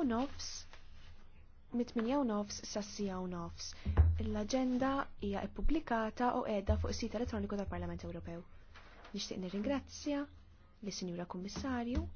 u nofs mit-8 u nofs sassija u nofs. L-agenda hija ippubblikata u qiegħda fuq is-sit elettroniku tal-Parlament Ewropew. Nixtieq nirringrazzja lis-Sinjura Kummissarju